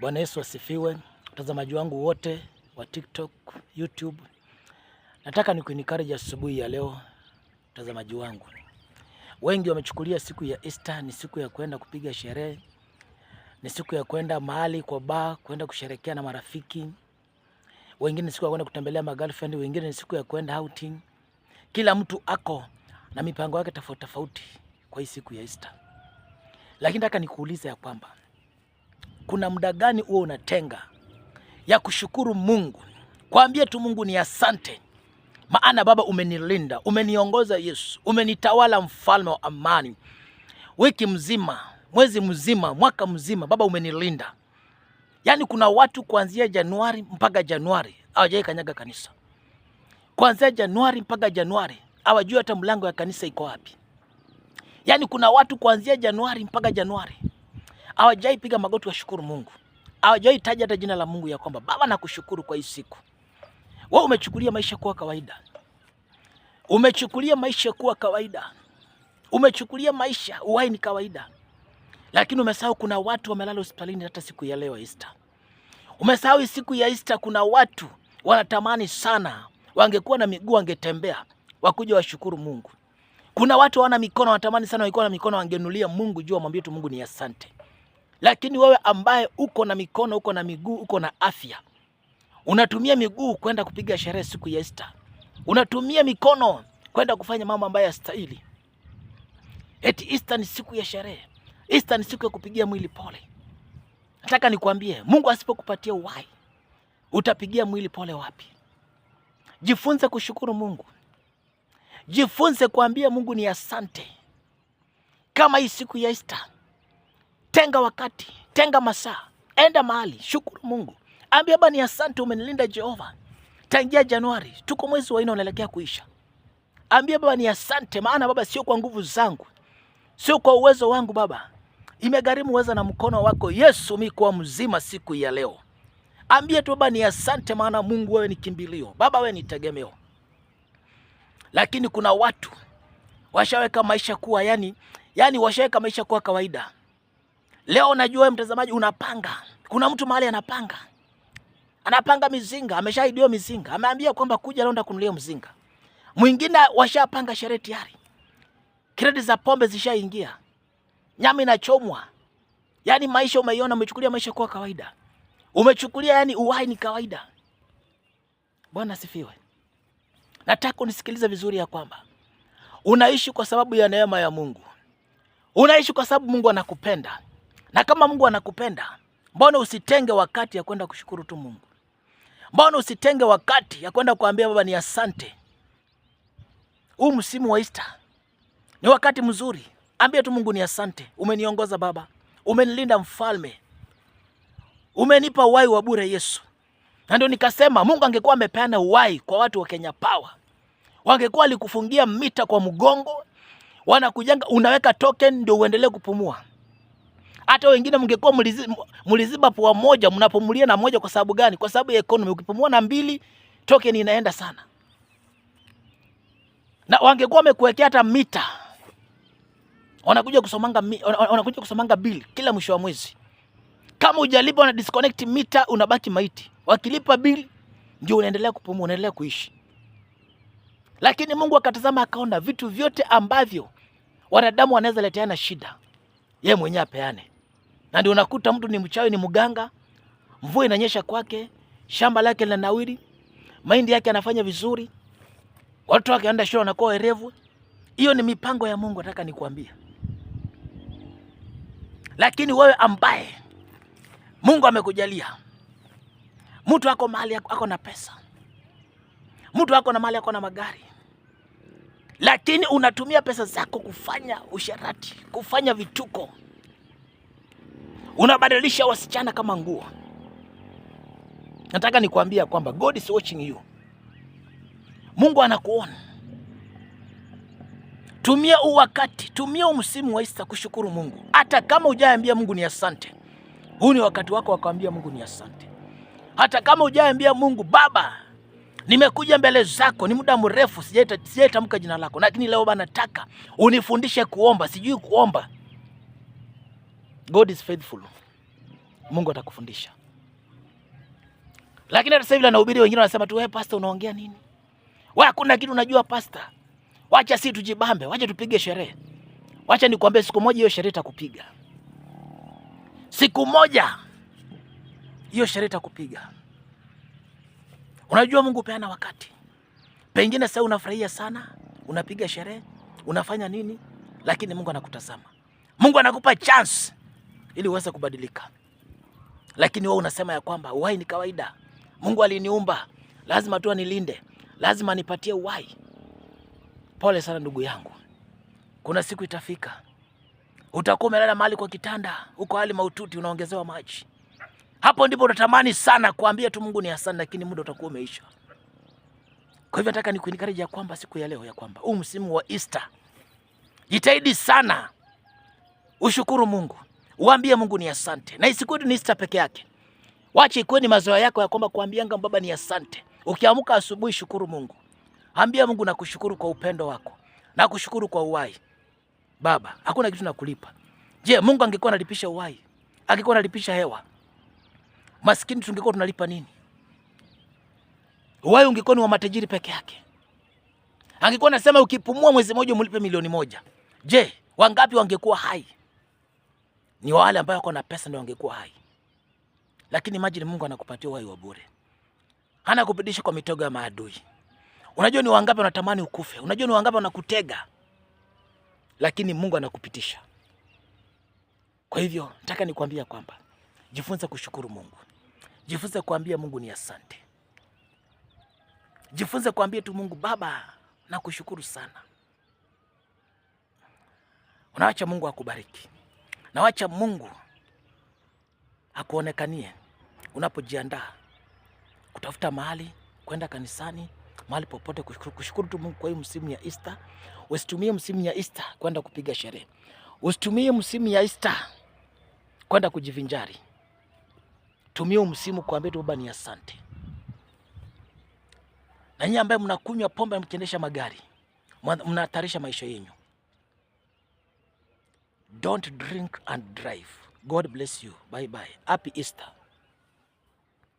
Bwana Yesu asifiwe. Mtazamaji wangu wote wa TikTok, YouTube, nataka nikuencourage asubuhi ya leo. Mtazamaji wangu, wengi wamechukulia siku ya Easter ni siku ya kwenda kupiga sherehe, ni siku ya kwenda mahali kwa ba kwenda kusherekea na marafiki wengine, ni siku ya kwenda kutembelea magirlfriend, wengine ni siku ya kwenda outing. Kila mtu ako na mipango yake tofauti tofauti kwa hii siku ya Easter, lakini nataka nikuulize ya kwamba kuna muda gani huo unatenga ya kushukuru Mungu, kwambie tu Mungu ni asante, maana Baba umenilinda, umeniongoza Yesu, umenitawala mfalme wa amani, wiki mzima, mwezi mzima, mwaka mzima, Baba umenilinda. Yaani kuna watu kuanzia Januari mpaka Januari hawajai kanyaga kanisa, kuanzia Januari mpaka Januari hawajui hata mlango ya kanisa iko wapi. Yaani kuna watu kuanzia Januari mpaka Januari hawajawai piga magoti washukuru Mungu, hawajawai taja hata jina la Mungu ya kwamba Baba nakushukuru kwa hii siku. Wewe umechukulia maisha kuwa kawaida, umechukulia maisha kuwa kawaida, umechukulia maisha uhai ni kawaida, lakini umesahau kuna watu wamelala hospitalini hata siku ya leo Easter. Umesahau siku ya Easter kuna watu wanatamani sana wangekuwa na miguu wangetembea wakuja washukuru Mungu. Kuna watu hawana mikono wanatamani sana wangekuwa na mikono wangenulia Mungu juu, wamwambie tu Mungu ni asante. Lakini wewe ambaye uko na mikono, uko na miguu, uko na afya, unatumia miguu kwenda kupiga sherehe siku ya Easter, unatumia mikono kwenda kufanya mambo ambayo yastahili. Eti Easter ni siku ya sherehe, Easter ni siku ya kupigia mwili pole. Nataka nikwambie, Mungu asipokupatia uhai utapigia mwili pole wapi? Jifunze kushukuru Mungu, jifunze kuambia Mungu ni asante, kama hii siku ya Easter. Tenga wakati, tenga masaa, enda mahali, shukuru Mungu, ambia ni asante umenilinda Jehova tangia Januari, tuko mwezi wa nne unaelekea kuisha. Ambia Baba ni asante, maana Baba sio kwa nguvu zangu, sio kwa uwezo wangu Baba, imegharimu uweza na mkono wako Yesu, mi kuwa mzima siku ya leo. Ambia tu Baba ni asante, maana Mungu wewe ni kimbilio Baba, wewe ni tegemeo. Lakini kuna watu washaweka maisha kuwa yani, yani washaweka maisha kuwa kawaida Leo najua wewe mtazamaji unapanga. Kuna mtu mahali anapanga. Anapanga mizinga, ameshaidiwa mizinga. Ameambia kwamba kuja leo ndakunulia mzinga. Mwingine washapanga sherehe tayari. Kredi za pombe zishaingia. Nyama inachomwa. Yaani maisha umeiona, umechukulia maisha kuwa kawaida. Umechukulia yani uhai ni kawaida. Bwana asifiwe. Nataka unisikilize vizuri ya kwamba unaishi kwa sababu ya neema ya Mungu. Unaishi kwa sababu Mungu anakupenda. Na kama Mungu anakupenda, mbona usitenge wakati ya kwenda kushukuru tu Mungu? Mbona usitenge wakati ya kwenda kuambia Baba ni asante. Huu msimu wa Easter ni wakati mzuri, ambia tu Mungu ni asante, umeniongoza Baba, umenilinda Mfalme, umenipa uhai wa bure Yesu. Na ndio nikasema Mungu angekuwa amepeana uhai kwa watu wa Kenya Power, wangekuwa alikufungia mita kwa mgongo, wanakujenga, unaweka token ndio uendelee kupumua. Hata wengine mngekuwa mliziba pua moja, mnapumulia na moja. Kwa sababu gani? Kwa sababu ya economy. Ukipumua na mbili, token inaenda sana, na wangekuwa wamekuwekea hata mita, wanakuja kusomanga, wanakuja kusomanga bili kila mwisho wa mwezi. Kama hujalipa na disconnect mita, unabaki maiti. Wakilipa bili ndio unaendelea kupumua, unaendelea kuishi. Lakini Mungu akatazama akaona vitu vyote ambavyo wanadamu wanaweza leteana shida, yeye mwenyewe apeane na ndio unakuta mtu ni mchawi, ni mganga, mvua inanyesha kwake, shamba lake linanawiri, mahindi yake anafanya vizuri, watoto wake wanaenda shule, wanakuwa werevu. Hiyo ni mipango ya Mungu, nataka nikuambia. Lakini wewe ambaye Mungu amekujalia, mtu ako mahali ako na pesa, mtu ako na mahali ako na magari, lakini unatumia pesa zako kufanya usharati, kufanya vituko unabadilisha wasichana kama nguo. Nataka nikuambia kwamba God is watching you. Mungu anakuona. Tumia huu wakati, tumia huu msimu wa Ista kushukuru Mungu, hata kama hujaambia Mungu ni asante. Huu ni wakati wako wakuambia Mungu ni asante, hata kama hujaambia Mungu, Baba, nimekuja mbele zako, ni muda mrefu sijaitamka jina lako, lakini leo Baba nataka unifundishe kuomba, sijui kuomba God is faithful. Mungu atakufundisha. Lakini hata sasa hivi anahubiri, wengine wanasema tu, wewe pastor unaongea nini? Wewe hakuna kitu unajua pastor. Wacha si tujibambe, wacha tupige sherehe. Wacha nikwambie siku moja hiyo sherehe itakupiga. Siku moja hiyo sherehe itakupiga. Unajua Mungu peana wakati. Pengine sasa unafurahia sana, unapiga sherehe, unafanya nini? Lakini Mungu anakutazama. Mungu anakupa chance ili uweze kubadilika. Lakini wewe unasema ya kwamba uhai ni kawaida, Mungu aliniumba, lazima tu anilinde, lazima anipatie uhai. Pole sana ndugu yangu, kuna siku itafika utakuwa umelala mahali kwa kitanda, uko hali maututi, unaongezewa maji. Hapo ndipo utatamani sana kuambia tu Mungu ni asante, lakini muda utakuwa umeisha. Kwa hivyo nataka nikukaribisha kwamba siku ya leo ya kwamba huu msimu wa Easter jitahidi sana ushukuru Mungu Waambie Mungu ni asante, na isikuwe ni Easter peke yake, Wacha ikuwe ni mazoea yako ya kwamba kuambia kuambianga Baba ni asante. Ukiamka asubuhi, shukuru Mungu, ambia Mungu nakushukuru kwa upendo wako, nakushukuru kwa uhai Baba, hakuna kitu nakulipa. Je, Mungu angekuwa analipisha uhai, angekuwa analipisha hewa, maskini tungekuwa tunalipa nini? Uhai ungekuwa ni wa matajiri peke yake. Angekuwa anasema ukipumua mwezi mmoja umlipe milioni moja. Je, wangapi wangekuwa hai? Ni wale ambao wako na pesa ndio wangekuwa hai, lakini imagine Mungu anakupatia uhai wa bure, hana kupidisha kwa mitego ya maadui. Unajua ni wangapi wanatamani ukufe? Unajua ni wangapi wanakutega, lakini Mungu anakupitisha. Kwa hivyo nataka nikwambia kwamba jifunze kushukuru Mungu, jifunze kuambia Mungu ni asante, jifunze kuambia tu Mungu, Baba nakushukuru sana. Unaacha Mungu akubariki na wacha Mungu akuonekanie unapojiandaa kutafuta mahali kwenda kanisani, mahali popote, kushukuru tu Mungu kwa hii msimu ya Easter. Usitumie msimu ya Easter kwenda kupiga sherehe, usitumie msimu ya Easter kwenda kujivinjari. Tumia msimu kuambia Baba ni asante. Na nyinyi ambaye mnakunywa pombe mkiendesha magari, mnahatarisha maisha yenu. Don't drink and drive. God bless you. Bye bye. Happy Easter.